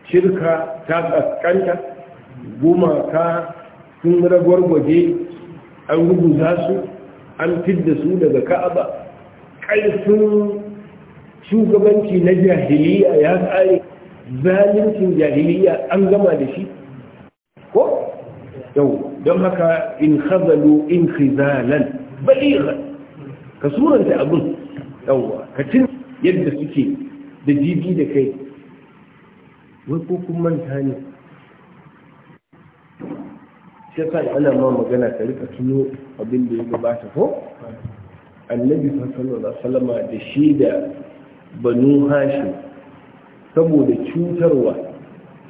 shirka ta kaskanta gumaka sun gwaje, an rubuta su an fidda su daga ka'aba ƙarfin shugabanci na jahiliya ya tsare zalincin jahiliya an gama da shi ko yau don haka in khazalu in khizalan balighan ka suranta abin yawwa ka cin yadda suke da jibi da kai wai ko kun manta ne sai sa ana ma magana ka rika tuno abin da ya gabata ko annabi sallallahu alaihi wasallama da shi da banu hashim saboda cutarwa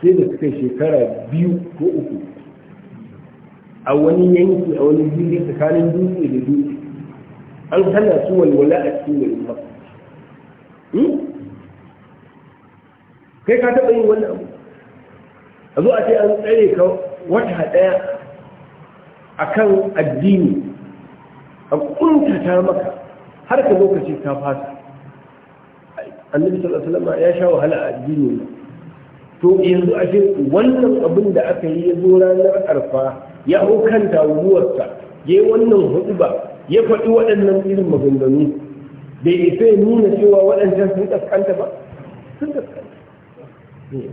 sai da suka shekara biyu ko uku a wani yanki a wani jirgin tsakanin dutse da dutse an hana su walwala a cikin al'umma kai ka taɓa yin wannan abu a zo a ce an tsare ka wata ɗaya a kan addini a ƙuntata maka har ka lokaci ka fasa annabi sallallahu alaihi wasallam ya sha wahala a addini ne to yanzu a ce wannan abin da aka yi ya zo ranar arfa ya hau kan taguwarsa ya yi wannan hudu ba ya faɗi waɗannan irin maganganu bai isa ya nuna cewa waɗancan sun kaskanta ba sun kaskanta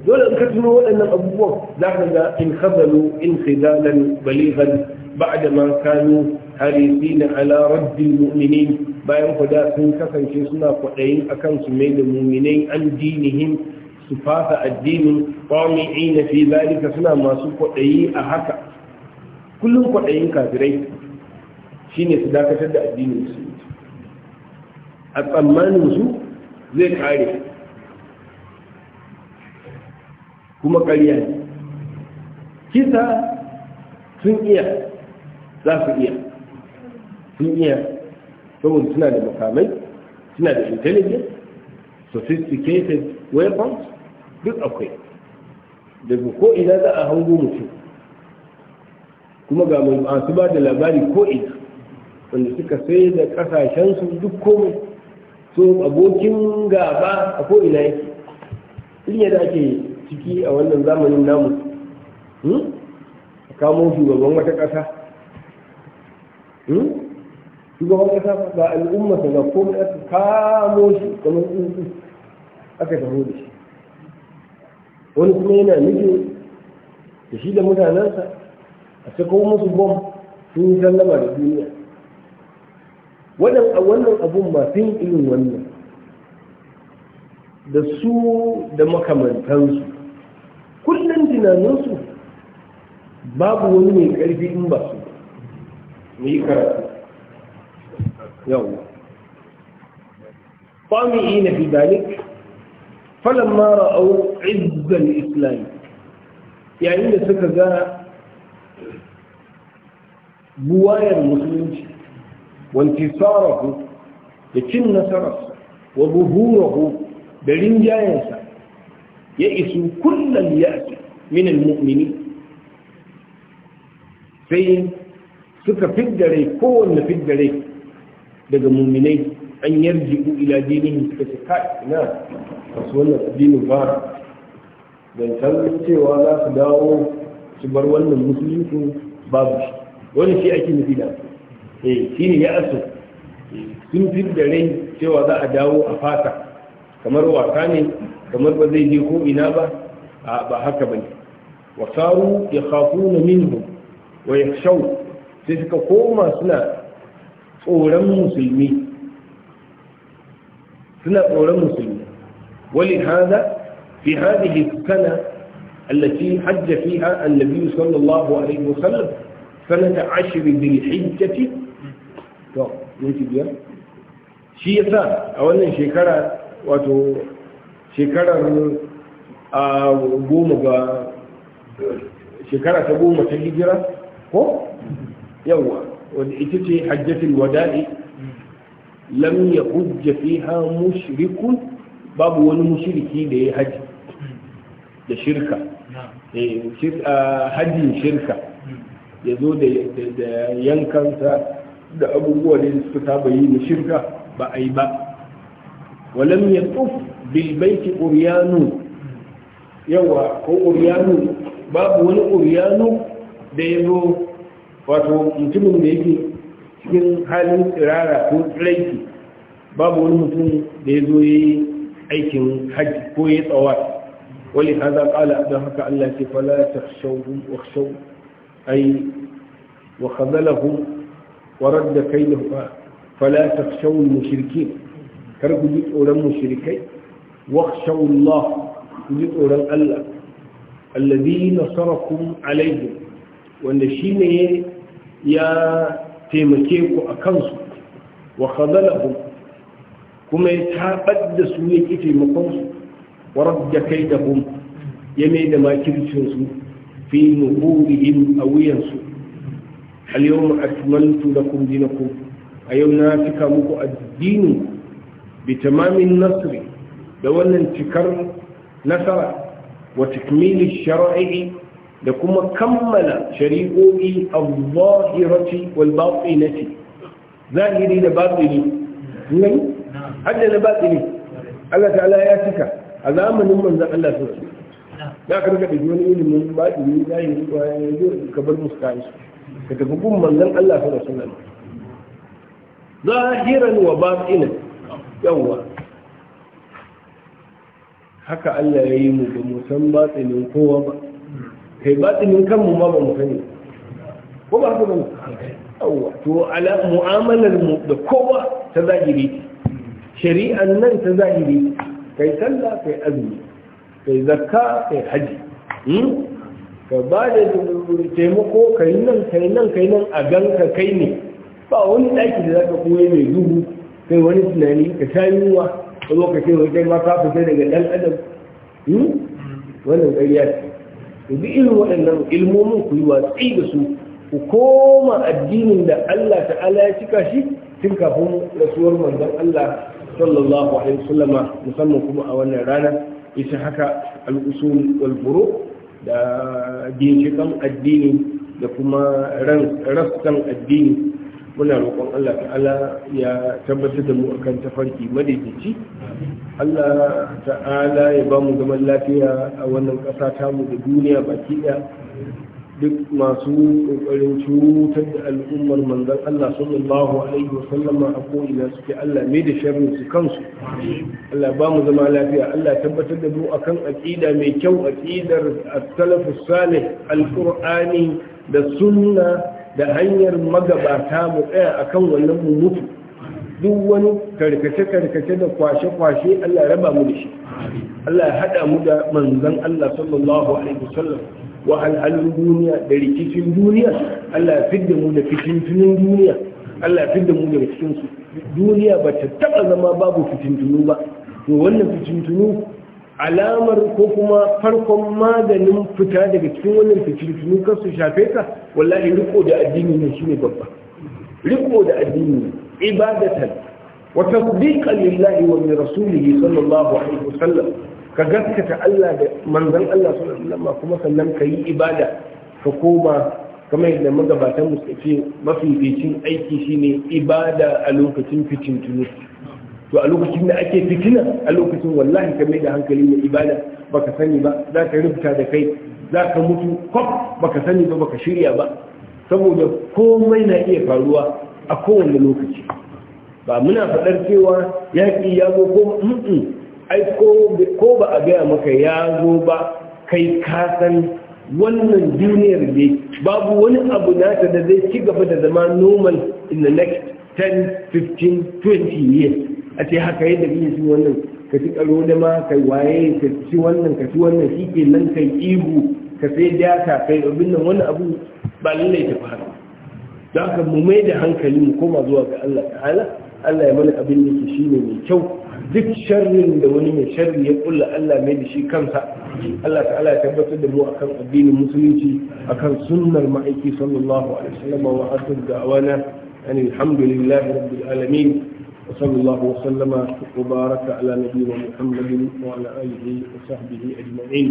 dole in ka tuno waɗannan abubuwan za ka ga in khazalu in khidalan balighan ba'da ma kanu harisin ala raddil mu'minin bayan ku da sun kasance suna kwaɗayin akan su mai da mu'minai an dinihim su fasa addinin qami'ina fi zalika suna masu kwaɗayi a haka kullum kwaɗayin kafirai shine su dakatar da addinin su a tsammanin su zai kare kuma ƙarya ne kisa sun iya za su iya sun iya saboda suna da makamai suna da intelligence sophisticated weapons duk akwai daga ko ina za a hango mutum kuma ga masu ba da labari ko ina wanda suka sai da su duk komai so abokin gaba a ko'ina yake In yadda ake ciki a wannan zamanin namu hmm? a kamo shugaban wata ƙasa hmm? shugaban ƙasa ba al'umma ta ga komai aka kamo shi kamar tsuntsu aka da shi wani kuma yana nufin da shi da mutanensa a sako musu bom sun yi sallama da duniya wannan abun masu yin irin wannan da su da makamantansu kullum tunaninsu babu wani mai ƙarfi in ba su mu yi karatu yau ƙwami'i na fidalik falon mara au izzal islam yayin da suka ga buwayar musulunci وانتصاره لكن نصره وظهوره برنجايسه يئس كل اليأس من المؤمنين sai suka fiddare kowanne fiddare daga muminai an yarji ila dinihi suka ce na wasu wannan addinin ba don san cewa za su dawo su bar wannan musulunci babu shi wani shi ake nufi da su eh shine ya asu sun fi da rai cewa za a dawo a fata kamar wasa ne kamar ba zai je ko ina ba ba haka bane wa saru yakhafuna minhu wa yakhshaw sai suka koma suna tsoron musulmi suna tsoron musulmi wali hada fi hadhihi sana التي حج فيها النبي صلى الله عليه وسلم سنة عشر ذي الحجة to biyar shi ya sa a wannan shekara wato shekarar a goma ga shekara ta goma ta hijira ko yawwa wadda ita ce hajjatin wada'i lam ya hujja ha mushrikun babu wani mushriki da ya haji da shirka eh, hajjin shirka hmm. ya zo da yankansa da abubuwa da suka saba yi na shirka ba a yi ba walam ya tuf bil baiti uryanu yawa ko uryanu babu wani uryanu da ya zo wato mutumin da yake cikin halin tsirara ko tsiraiki babu wani mutum da ya zo yi aikin hajji ko ya tsawa Wani haza kala don haka Allah ce fala ta shawun wa shawun ai wa khazalahum ورد كيده فلا تخشوا المشركين كركو جيت أولم مشركين واخشوا الله جيت أولم الله الذين صرفكم عليهم والنشين يا تيمكيكو أكنسو وخذلهم كما يتعبد سوية في مقنسو ورد كيدهم يميد ما كرسوا في نقولهم أوينسو al-yawma akmaltu lakum dinakum a yau na cika muku addini bi tamamin da wannan cikar nasara wa takmili shar'i da kuma kammala shari'o'i al-zahirati wal batinati zahiri da batini ne hadda Allah ta'ala ya cika a zamanin manzon Allah za ka rika wani ilimin baɗi zahiri ba ya yi ka bar musu kayan su ka tafi gun manzan Allah sallallahu alaihi wasallam zahiran wa ina yawwa haka Allah ya yi mu ba mu san kowa ba kai batinin kanmu ma ba mu sani ko ba haka ba yawwa to ala mu'amalar mu da kowa ta zahiri shari'an nan ta zahiri kai sallah kai azumi kai zakka kai haji hmm? ka ba da taimako kai nan kai nan kai nan a ganka kai ne ba wani ɗaki da za ka koye mai duhu kai wani tunani ka sha yunwa ka zo ka ce wai kai ma ka fita daga ɗan adam hmm? wannan ƙarya ce bi irin waɗannan ilmomin ku yi watsi da su ku koma addinin da Allah ta'ala ya cika shi tun kafin rasuwar manzon Allah sallallahu alaihi wasallama musamman kuma a wannan rana ita haka al'usul wal da ginshikan addini da kuma rassan addini muna roƙon Allah ta'ala ya tabbatar da mu akan tafarki madaidaici Allah ta'ala ya ba mu zaman lafiya a wannan ƙasa tamu da duniya baki ɗaya duk masu kokarin cutar da al'ummar manzan Allah sallallahu alaihi wasallam a ko'ina suke Allah mai da sharrin su kansu Allah ba mu zama lafiya Allah tabbatar da mu akan aqida mai kyau aqidar as-salafus salih al-qur'ani da sunna da hanyar magabata mu tsaya akan wannan mu mutu duk wani karkace-karkace da kwashe-kwashe Allah raba mu da shi Allah ya haɗa mu da manzan Allah sallallahu alaihi wasallam wahalhalun duniya da rikicin duniya Allah ya fidda mu da fitintunin duniya Allah ya fidda mu daga cikin su duniya ba ta taba zama babu fitintunu ba to wannan fitintunu alamar ko kuma farkon maganin fita daga cikin wannan fitintunu kar su shafe ka wallahi riko da addini ne shine babba riko da addini ibadatan wa tasdiqan lillahi wa li rasulihi sallallahu alaihi wasallam ka gaskata Allah da manzon Allah sallallahu alaihi wasallam kuma sannan ka yi ibada ka koma kamar yadda magabatan mu suke mafificin aiki shine ibada a lokacin fitin tunu to a lokacin da ake fitina a lokacin wallahi ka mai da hankali mai ibada baka sani ba za ka rubuta da kai za ka mutu kwaf baka sani ba baka shirya ba saboda komai na iya faruwa a kowane lokaci ba muna faɗar cewa yaƙi ya zo ko ai ko ba a gaya maka ya zo ba kai ka san wannan duniyar ne babu wani abu nata da zai ci gaba da zama normal in the next 10 15 20 years a ce haka yadda ya shi wannan ka ci karo da ma kai waye ka ci wannan ka ci wannan shi ke nan kai ihu ka sai data kai abin nan wani abu ba lallai ta fara don haka mu mai da hankali mu koma zuwa ga Allah ta'ala Allah ya mana abin da ke shine mai kyau duk sharrin da wani mai sharri ya kulla Allah mai da shi kansa Allah ta'ala ya tabbatar da mu akan addinin musulunci akan sunnar ma'aiki sallallahu alaihi wasallam wa akhir da'wana an alhamdulillahi rabbil alamin wa sallallahu wa sallama wa baraka ala nabiyyina muhammadin wa ala alihi wa sahbihi ajma'in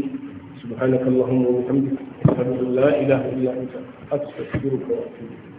subhanakallahumma wa bihamdika ashhadu an la ilaha illa anta astaghfiruka wa atubu ilayk